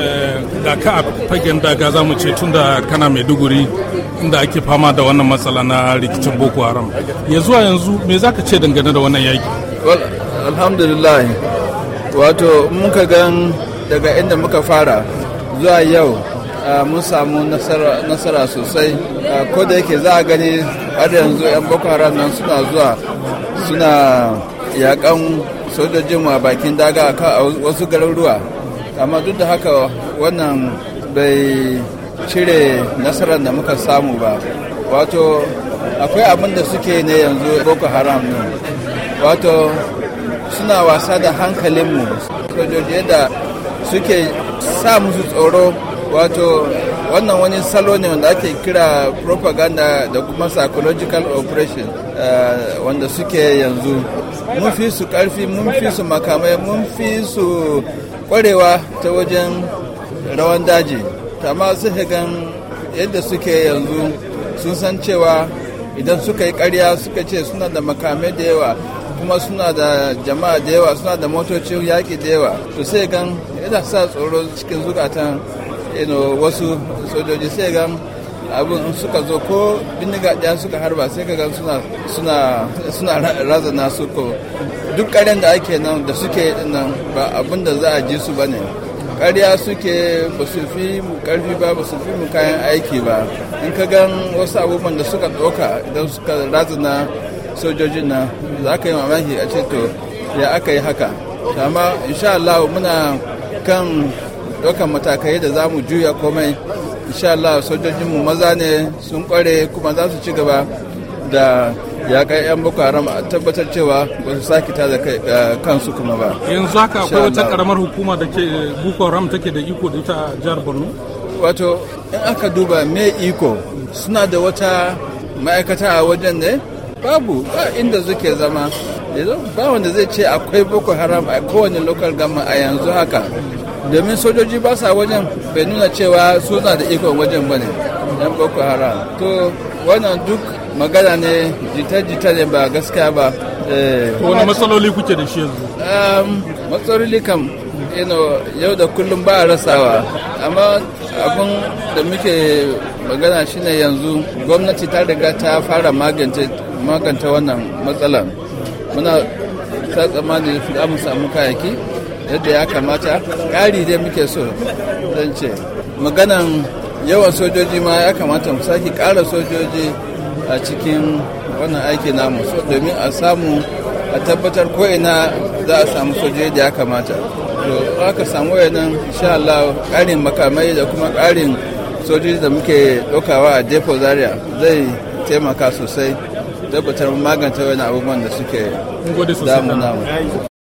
Eh, da ka a fagen daga za mu ce tun da kana maiduguri inda ake fama da wannan matsala na rikicin boko haram ya zuwa yanzu me za ka ce dangane da wannan yaki alhamdulillah wato muka gan daga inda muka fara zuwa yau ah, mun samu nasara sosai ah, ko da yake za a gani har yanzu 'yan boko haram nan suna zuwa suna yakan sojojin a bakin daga a wasu garuruwa amma duk da haka wannan bai cire nasarar da muka samu ba wato akwai abin da suke ne yanzu boko haram ne wato suna wasa da hankalinmu sojoji yadda suke sa musu tsoro wato wannan wani salo ne wanda ake kira propaganda da kuma psychological operation eh, wanda suke yanzu mun fi su karfi mun fi su makamai mun fi su kwarewa ta wajen rawan daji amma suka gan yadda suke yanzu sun san cewa idan suka yi karya suka ce suna da makamai da yawa kuma suna da jama'a da yawa suna da motoci yaƙi da yawa to sai gan yana sa tsoro cikin zukatan wasu sojoji sai gan abin suka zo ko bindiga ɗaya suka harba sai ka gan suna suna suna razana su ko duk ƙaryan da ake nan da suke nan ba abin da za a ji su bane ƙarya suke ba su fi mu ƙarfi ba ba su fi mu kayan aiki ba in ka gan wasu abubuwan da suka ɗauka idan suka razana sojojin nan za ka yi mamaki a ce to ya aka yi haka amma insha Allah muna kan ɗaukan matakai da za mu juya komai insha Allah sojojinmu maza ne sun kware kuma za su ci gaba da ya kai 'yan boko haram a tabbatar cewa ba su sake ta da eh, kansu kuma ba yanzu haka akwai wata karamar hukuma da ke eh, boko haram take da iko da ita a jihar borno wato in aka duba me iko suna da wata ma'aikata a wajen ne babu ba inda suke zama ba wanda zai ce akwai boko haram a kowane local gama a yanzu haka domin sojoji ba sa wajen bai nuna cewa suna da ikon wajen ba ne yan boko haram to wannan duk magana ne jita-jita ne ba gaskiya ba eh. wani matsaloli kuke da shi yanzu matsaloli kam yau da kullum ba a rasawa amma abin da muke magana shine yanzu gwamnati ta riga ta fara magance wannan matsalan muna ta tsammani za mu samu kayaki yadda ya kamata ƙari dai muke so don ce maganan yawan sojoji ma ya kamata mu sake ƙara sojoji a cikin wannan aiki namu so domin a samu a tabbatar ko'ina za a samu sojoji da ya kamata to aka samu wayannan insha Allah ƙarin makamai da kuma ƙarin sojoji da muke ɗaukawa a depo zaria zai taimaka sosai tabbatar magance wani abubuwan da suke damu namu